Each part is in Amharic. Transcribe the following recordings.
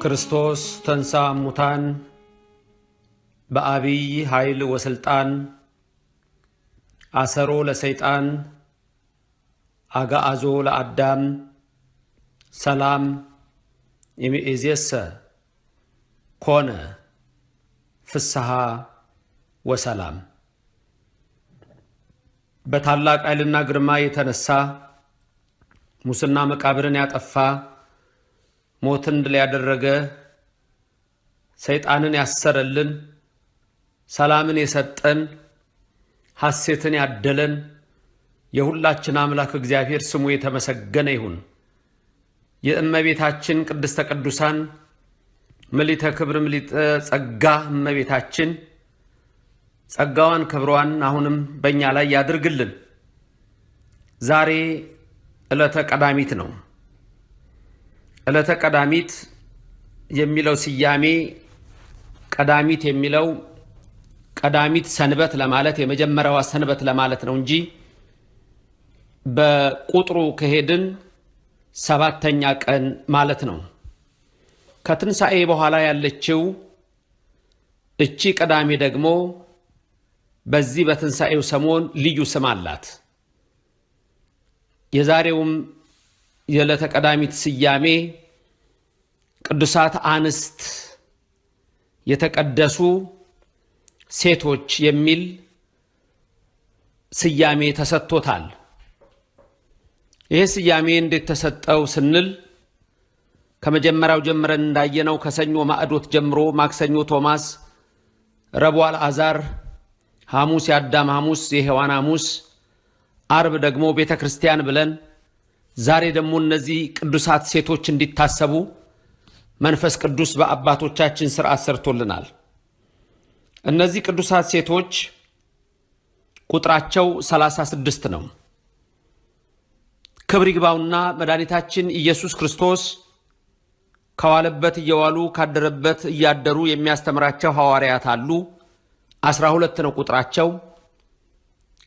ክርስቶስ ተንሳ ሙታን በአቢይ ኃይል ወስልጣን አሰሮ ለሰይጣን አጋአዞ ለአዳም ሰላም ይምኢዝየሰ ኮነ ፍስሐ ወሰላም በታላቅ ኃይልና ግርማ የተነሳ ሙስና መቃብርን ያጠፋ ሞትን ድል ያደረገ ሰይጣንን ያሰረልን ሰላምን የሰጠን ሐሴትን ያደለን የሁላችን አምላክ እግዚአብሔር ስሙ የተመሰገነ ይሁን። የእመቤታችን ቅድስተ ቅዱሳን ምሊተ ክብር ምሊተ ጸጋ እመቤታችን ጸጋዋን ክብሯን አሁንም በእኛ ላይ ያድርግልን። ዛሬ ዕለተ ቀዳሚት ነው። ዕለተ ቀዳሚት የሚለው ስያሜ ቀዳሚት የሚለው ቀዳሚት ሰንበት ለማለት የመጀመሪያዋ ሰንበት ለማለት ነው እንጂ በቁጥሩ ከሄድን ሰባተኛ ቀን ማለት ነው። ከትንሣኤ በኋላ ያለችው እቺ ቅዳሜ ደግሞ በዚህ በትንሣኤው ሰሞን ልዩ ስም አላት። የዛሬውም የዕለተ ቀዳሚት ስያሜ ቅዱሳት አንስት የተቀደሱ ሴቶች የሚል ስያሜ ተሰጥቶታል። ይህ ስያሜ እንዴት ተሰጠው ስንል ከመጀመሪያው ጀምረን እንዳየነው ከሰኞ ማዕዶት ጀምሮ ማክሰኞ ቶማስ፣ ረቡዕ አልዓዛር፣ ሐሙስ የአዳም ሐሙስ የሔዋን ሐሙስ፣ አርብ ደግሞ ቤተ ክርስቲያን ብለን ዛሬ ደግሞ እነዚህ ቅዱሳት ሴቶች እንዲታሰቡ መንፈስ ቅዱስ በአባቶቻችን ሥርዓት ሰርቶልናል። እነዚህ ቅዱሳት ሴቶች ቁጥራቸው 36 ነው። ክብር ይግባውና መድኃኒታችን ኢየሱስ ክርስቶስ ከዋለበት እየዋሉ ካደረበት እያደሩ የሚያስተምራቸው ሐዋርያት አሉ። አስራ ሁለት ነው ቁጥራቸው።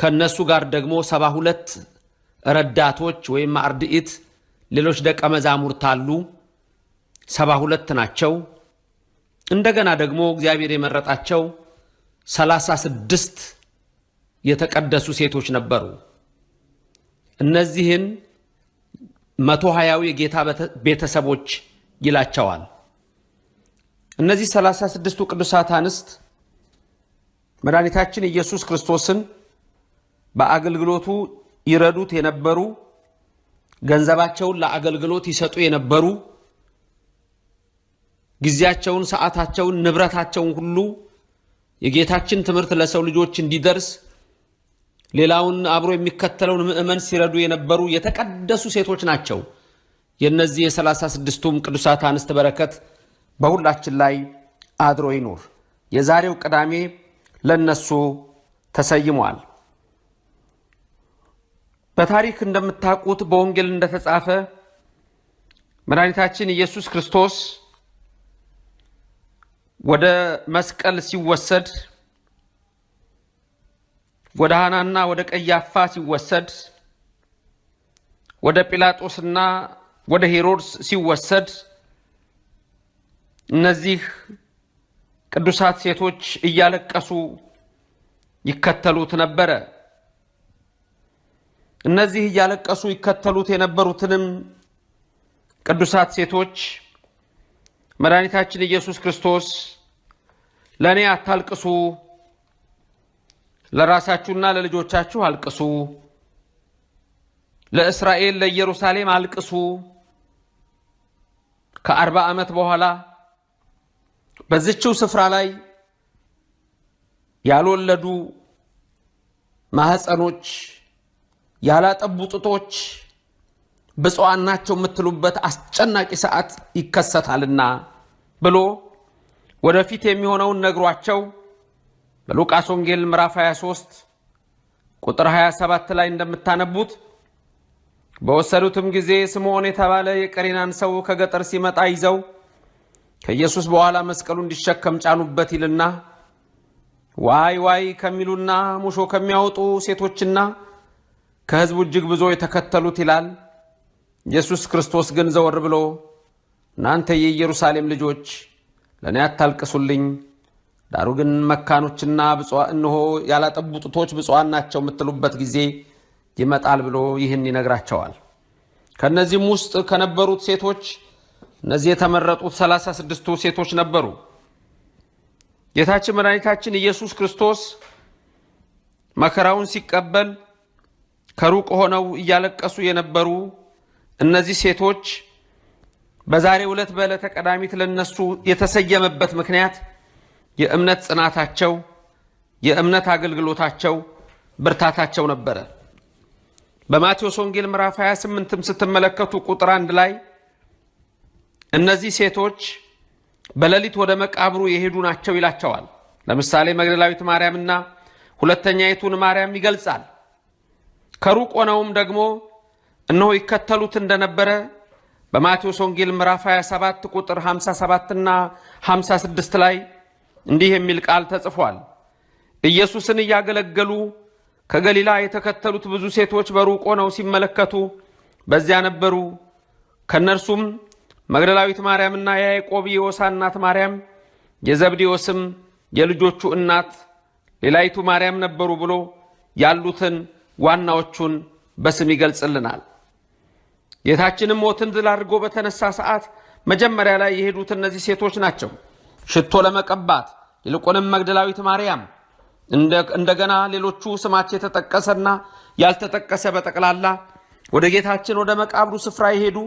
ከእነሱ ጋር ደግሞ ሰባ ሁለት ረዳቶች ወይም አርድኢት ሌሎች ደቀ መዛሙርት አሉ። ሰባ ሁለት ናቸው። እንደገና ደግሞ እግዚአብሔር የመረጣቸው ሰላሳ ስድስት የተቀደሱ ሴቶች ነበሩ። እነዚህን መቶ ሀያው የጌታ ቤተሰቦች ይላቸዋል። እነዚህ ሰላሳ ስድስቱ ቅዱሳት አንስት መድኃኒታችን ኢየሱስ ክርስቶስን በአገልግሎቱ ይረዱት የነበሩ ገንዘባቸውን ለአገልግሎት ይሰጡ የነበሩ ጊዜያቸውን፣ ሰዓታቸውን፣ ንብረታቸውን ሁሉ የጌታችን ትምህርት ለሰው ልጆች እንዲደርስ ሌላውን አብሮ የሚከተለውን ምዕመን ሲረዱ የነበሩ የተቀደሱ ሴቶች ናቸው። የእነዚህ የሰላሳ ስድስቱም ቅዱሳት አንስት በረከት በሁላችን ላይ አድሮ ይኑር። የዛሬው ቅዳሜ ለነሱ ተሰይሟል። በታሪክ እንደምታውቁት በወንጌል እንደተጻፈ መድኃኒታችን ኢየሱስ ክርስቶስ ወደ መስቀል ሲወሰድ ወደ ሐናና ወደ ቀያፋ ሲወሰድ ወደ ጲላጦስና ወደ ሄሮድስ ሲወሰድ እነዚህ ቅዱሳት ሴቶች እያለቀሱ ይከተሉት ነበረ። እነዚህ እያለቀሱ ይከተሉት የነበሩትንም ቅዱሳት ሴቶች መድኃኒታችን ኢየሱስ ክርስቶስ ለእኔ አታልቅሱ፣ ለራሳችሁና ለልጆቻችሁ አልቅሱ፣ ለእስራኤል ለኢየሩሳሌም አልቅሱ ከአርባ ዓመት በኋላ በዝችው ስፍራ ላይ ያልወለዱ ማህፀኖች ያላጠቡ ጡቶች ብፁዓን ናቸው የምትሉበት አስጨናቂ ሰዓት ይከሰታልና ብሎ ወደፊት የሚሆነውን ነግሯቸው በሉቃስ ወንጌል ምዕራፍ 23 ቁጥር 27 ላይ እንደምታነቡት በወሰዱትም ጊዜ ስምዖን የተባለ የቀሬናን ሰው ከገጠር ሲመጣ ይዘው ከኢየሱስ በኋላ መስቀሉ እንዲሸከም ጫኑበት ይልና ዋይ ዋይ ከሚሉና ሙሾ ከሚያወጡ ሴቶችና ከሕዝቡ እጅግ ብዙ የተከተሉት ይላል። ኢየሱስ ክርስቶስ ግን ዘወር ብሎ እናንተ የኢየሩሳሌም ልጆች ለእኔ አታልቅሱልኝ፣ ዳሩ ግን መካኖችና እንሆ እነሆ ያላጠቡ ጡቶች ብፁዓን ናቸው የምትሉበት ጊዜ ይመጣል ብሎ ይህን ይነግራቸዋል። ከእነዚህም ውስጥ ከነበሩት ሴቶች እነዚህ የተመረጡት ሰላሳ ስድስቱ ሴቶች ነበሩ። ጌታችን መድኃኒታችን ኢየሱስ ክርስቶስ መከራውን ሲቀበል ከሩቅ ሆነው እያለቀሱ የነበሩ እነዚህ ሴቶች በዛሬ ዕለት በዕለተ ቀዳሚት ለነሱ የተሰየመበት ምክንያት የእምነት ጽናታቸው፣ የእምነት አገልግሎታቸው፣ ብርታታቸው ነበረ። በማቴዎስ ወንጌል ምዕራፍ 28ም ስትመለከቱ ቁጥር አንድ ላይ እነዚህ ሴቶች በሌሊት ወደ መቃብሩ የሄዱ ናቸው ይላቸዋል። ለምሳሌ መግደላዊት ማርያምና ሁለተኛይቱን ማርያም ይገልጻል። ከሩቅ ሆነውም ደግሞ እነሆ ይከተሉት እንደነበረ በማቴዎስ ወንጌል ምዕራፍ 27 ቁጥር 57 ና 56 ላይ እንዲህ የሚል ቃል ተጽፏል። ኢየሱስን እያገለገሉ ከገሊላ የተከተሉት ብዙ ሴቶች በሩቅ ሆነው ሲመለከቱ በዚያ ነበሩ። ከእነርሱም መግደላዊት ማርያምና የያዕቆብ የዮሳ እናት ማርያም፣ የዘብዴዎስም የልጆቹ እናት ሌላይቱ ማርያም ነበሩ ብሎ ያሉትን ዋናዎቹን በስም ይገልጽልናል። ጌታችንም ሞትን ድል አድርጎ በተነሳ ሰዓት መጀመሪያ ላይ የሄዱት እነዚህ ሴቶች ናቸው። ሽቶ ለመቀባት ይልቁንም መግደላዊት ማርያም እንደገና ሌሎቹ ስማቸው የተጠቀሰና ያልተጠቀሰ በጠቅላላ ወደ ጌታችን ወደ መቃብሩ ስፍራ የሄዱ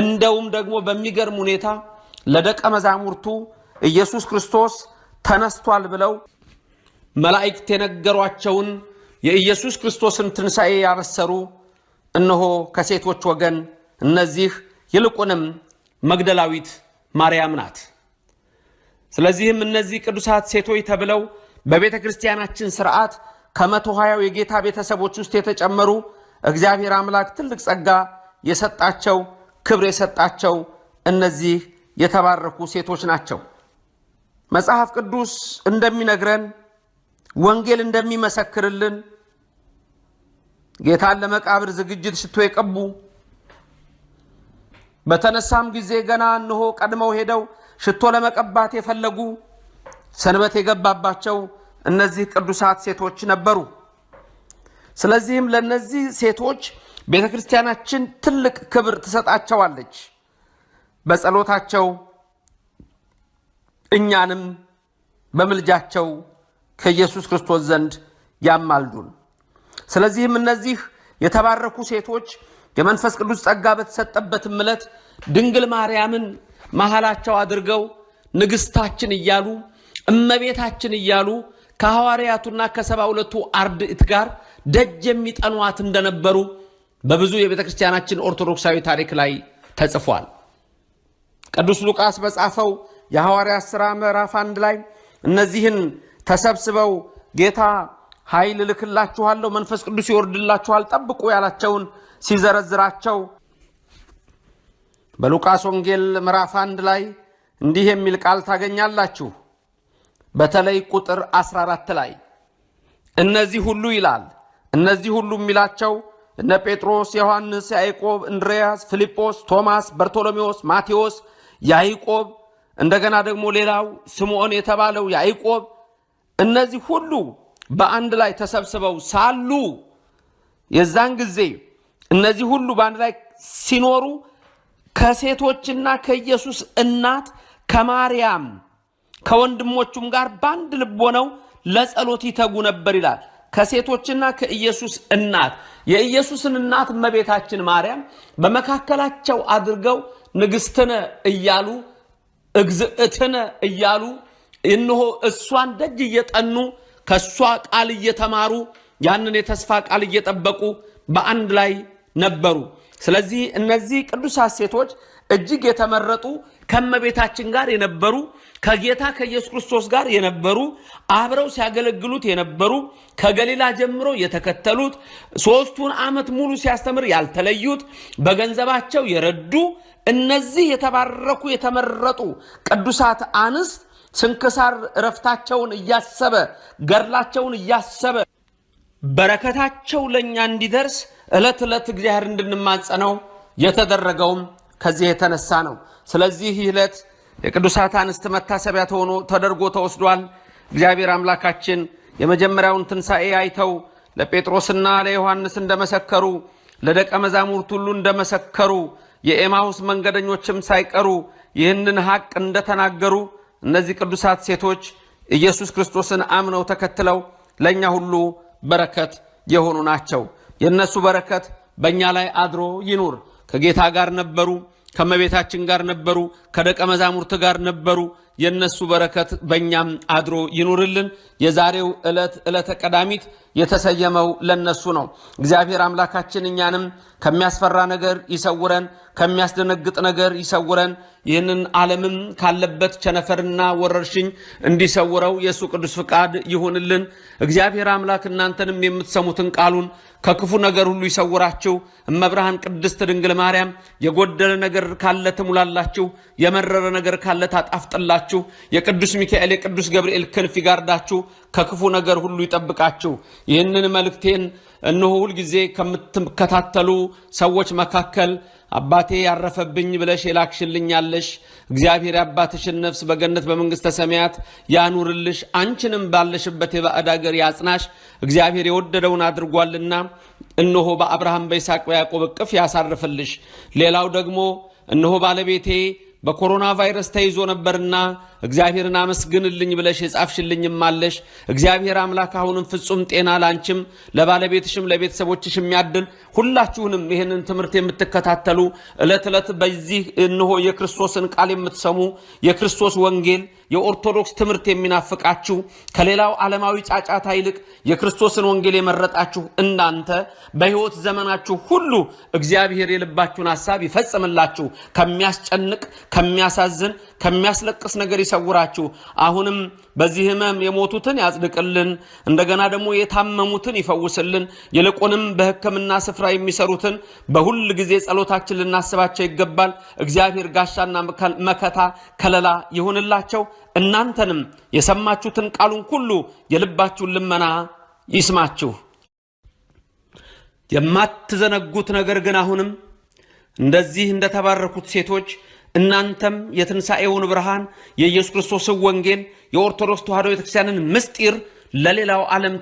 እንደውም ደግሞ በሚገርም ሁኔታ ለደቀ መዛሙርቱ ኢየሱስ ክርስቶስ ተነስቷል ብለው መላእክት የነገሯቸውን የኢየሱስ ክርስቶስን ትንሣኤ ያበሰሩ እነሆ ከሴቶች ወገን እነዚህ ይልቁንም መግደላዊት ማርያም ናት። ስለዚህም እነዚህ ቅዱሳት ሴቶች ተብለው በቤተ ክርስቲያናችን ስርዓት ከመቶ ሀያው የጌታ ቤተሰቦች ውስጥ የተጨመሩ እግዚአብሔር አምላክ ትልቅ ጸጋ የሰጣቸው ክብር የሰጣቸው እነዚህ የተባረኩ ሴቶች ናቸው። መጽሐፍ ቅዱስ እንደሚነግረን ወንጌል እንደሚመሰክርልን ጌታን ለመቃብር ዝግጅት ሽቶ የቀቡ በተነሳም ጊዜ ገና እንሆ ቀድመው ሄደው ሽቶ ለመቀባት የፈለጉ ሰንበት የገባባቸው እነዚህ ቅዱሳት ሴቶች ነበሩ። ስለዚህም ለእነዚህ ሴቶች ቤተ ክርስቲያናችን ትልቅ ክብር ትሰጣቸዋለች። በጸሎታቸው እኛንም በምልጃቸው ከኢየሱስ ክርስቶስ ዘንድ ያማልዱን። ስለዚህም እነዚህ የተባረኩ ሴቶች የመንፈስ ቅዱስ ጸጋ በተሰጠበትም ዕለት ድንግል ማርያምን መሃላቸው አድርገው ንግሥታችን እያሉ እመቤታችን እያሉ ከሐዋርያቱና ከሰባ ሁለቱ አርድእት ጋር ደጅ የሚጠኗት እንደነበሩ በብዙ የቤተ ክርስቲያናችን ኦርቶዶክሳዊ ታሪክ ላይ ተጽፏል። ቅዱስ ሉቃስ በጻፈው የሐዋርያት ሥራ ምዕራፍ አንድ ላይ እነዚህን ተሰብስበው ጌታ ኃይል እልክላችኋለሁ፣ መንፈስ ቅዱስ ይወርድላችኋል፣ ጠብቁ ያላቸውን ሲዘረዝራቸው በሉቃስ ወንጌል ምዕራፍ አንድ ላይ እንዲህ የሚል ቃል ታገኛላችሁ። በተለይ ቁጥር 14 ላይ እነዚህ ሁሉ ይላል። እነዚህ ሁሉ የሚላቸው እነ ጴጥሮስ፣ ዮሐንስ፣ ያዕቆብ፣ እንድርያስ፣ ፊልጶስ፣ ቶማስ፣ በርቶሎሜዎስ፣ ማቴዎስ፣ ያዕቆብ እንደገና ደግሞ ሌላው ስምዖን የተባለው ያዕቆብ እነዚህ ሁሉ በአንድ ላይ ተሰብስበው ሳሉ የዛን ጊዜ እነዚህ ሁሉ በአንድ ላይ ሲኖሩ ከሴቶችና ከኢየሱስ እናት ከማርያም ከወንድሞቹም ጋር በአንድ ልብ ሆነው ለጸሎት ይተጉ ነበር ይላል። ከሴቶችና ከኢየሱስ እናት የኢየሱስን እናት እመቤታችን ማርያም በመካከላቸው አድርገው ንግሥትነ እያሉ እግዝእትነ እያሉ እንሆ እሷን ደጅ እየጠኑ ከእሷ ቃል እየተማሩ ያንን የተስፋ ቃል እየጠበቁ በአንድ ላይ ነበሩ። ስለዚህ እነዚህ ቅዱሳት ሴቶች እጅግ የተመረጡ ከእመቤታችን ጋር የነበሩ ከጌታ ከኢየሱስ ክርስቶስ ጋር የነበሩ አብረው ሲያገለግሉት የነበሩ ከገሊላ ጀምሮ የተከተሉት ሶስቱን ዓመት ሙሉ ሲያስተምር ያልተለዩት በገንዘባቸው የረዱ እነዚህ የተባረኩ የተመረጡ ቅዱሳት አንስት ስንክሳር እረፍታቸውን እያሰበ ገድላቸውን እያሰበ በረከታቸው ለእኛ እንዲደርስ ዕለት ዕለት እግዚአብሔር እንድንማጸነው የተደረገውም ከዚህ የተነሳ ነው። ስለዚህ ዕለት የቅዱሳት አንስት መታሰቢያ ተደርጎ ተወስዷል። እግዚአብሔር አምላካችን የመጀመሪያውን ትንሣኤ አይተው ለጴጥሮስና ለዮሐንስ እንደመሰከሩ ለደቀ መዛሙርት ሁሉ እንደመሰከሩ የኤማሁስ መንገደኞችም ሳይቀሩ ይህንን ሐቅ እንደተናገሩ እነዚህ ቅዱሳት ሴቶች ኢየሱስ ክርስቶስን አምነው ተከትለው ለእኛ ሁሉ በረከት የሆኑ ናቸው። የእነሱ በረከት በእኛ ላይ አድሮ ይኑር። ከጌታ ጋር ነበሩ። ከመቤታችን ጋር ነበሩ፣ ከደቀ መዛሙርት ጋር ነበሩ። የእነሱ በረከት በእኛም አድሮ ይኑርልን። የዛሬው ዕለት ዕለተ ቀዳሚት የተሰየመው ለነሱ ነው። እግዚአብሔር አምላካችን እኛንም ከሚያስፈራ ነገር ይሰውረን፣ ከሚያስደነግጥ ነገር ይሰውረን። ይህንን ዓለምም ካለበት ቸነፈርና ወረርሽኝ እንዲሰውረው የእሱ ቅዱስ ፍቃድ ይሁንልን። እግዚአብሔር አምላክ እናንተንም የምትሰሙትን ቃሉን ከክፉ ነገር ሁሉ ይሰውራችሁ። እመብርሃን ቅድስት ድንግል ማርያም የጎደለ ነገር ካለ ትሙላላችሁ፣ የመረረ ነገር ካለ ታጣፍጥላችሁ ይጠብቃችሁ። የቅዱስ ሚካኤል የቅዱስ ገብርኤል ክንፍ ይጋርዳችሁ፣ ከክፉ ነገር ሁሉ ይጠብቃችሁ። ይህንን መልእክቴን እነሆ ሁልጊዜ ከምትከታተሉ ሰዎች መካከል አባቴ ያረፈብኝ ብለሽ የላክሽልኛለሽ። እግዚአብሔር የአባትሽን ነፍስ በገነት በመንግሥተ ሰማያት ያኑርልሽ፣ አንቺንም ባለሽበት የባዕድ አገር ያጽናሽ። እግዚአብሔር የወደደውን አድርጓልና እነሆ በአብርሃም በይስሐቅ በያዕቆብ እቅፍ ያሳርፍልሽ። ሌላው ደግሞ እነሆ ባለቤቴ በኮሮና ቫይረስ ተይዞ ነበርና እግዚአብሔርን አመስግንልኝ ብለሽ የጻፍሽልኝም አለሽ። እግዚአብሔር አምላክ አሁንም ፍጹም ጤና ላንቺም ለባለቤትሽም ለቤተሰቦችሽ የሚያድል ሁላችሁንም ይህንን ትምህርት የምትከታተሉ ዕለት ዕለት በዚህ እንሆ የክርስቶስን ቃል የምትሰሙ የክርስቶስ ወንጌል የኦርቶዶክስ ትምህርት የሚናፍቃችሁ ከሌላው ዓለማዊ ጫጫታ ይልቅ የክርስቶስን ወንጌል የመረጣችሁ እናንተ በሕይወት ዘመናችሁ ሁሉ እግዚአብሔር የልባችሁን ሐሳብ ይፈጽምላችሁ ከሚያስጨንቅ ከሚያሳዝን ከሚያስለቅስ ነገር ይሰውራችሁ። አሁንም በዚህ ህመም የሞቱትን ያጽድቅልን፣ እንደገና ደግሞ የታመሙትን ይፈውስልን። ይልቁንም በሕክምና ስፍራ የሚሰሩትን በሁል ጊዜ ጸሎታችን ልናስባቸው ይገባል። እግዚአብሔር ጋሻና መከታ ከለላ ይሁንላቸው። እናንተንም የሰማችሁትን ቃሉን ሁሉ የልባችሁን ልመና ይስማችሁ። የማትዘነጉት ነገር ግን አሁንም እንደዚህ እንደተባረኩት ሴቶች እናንተም የትንሣኤውን ብርሃን የኢየሱስ ክርስቶስን ወንጌል የኦርቶዶክስ ተዋሕዶ ቤተክርስቲያንን ምስጢር ለሌላው ዓለም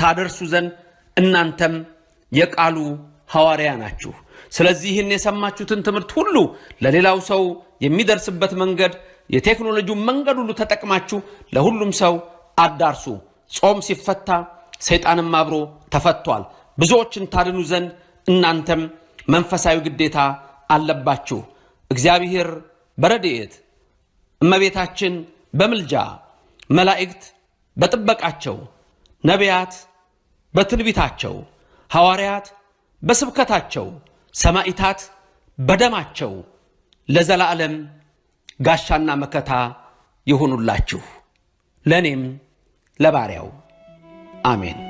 ታደርሱ ዘንድ እናንተም የቃሉ ሐዋርያ ናችሁ። ስለዚህ ይህን የሰማችሁትን ትምህርት ሁሉ ለሌላው ሰው የሚደርስበት መንገድ የቴክኖሎጂውን መንገድ ሁሉ ተጠቅማችሁ ለሁሉም ሰው አዳርሱ። ጾም ሲፈታ ሰይጣንም አብሮ ተፈቷል። ብዙዎችን ታድኑ ዘንድ እናንተም መንፈሳዊ ግዴታ አለባችሁ። እግዚአብሔር በረድኤት እመቤታችን በምልጃ መላእክት በጥበቃቸው ነቢያት በትንቢታቸው ሐዋርያት በስብከታቸው ሰማዕታት በደማቸው ለዘላለም ጋሻና መከታ ይሁኑላችሁ ለእኔም ለባሪያው አሜን።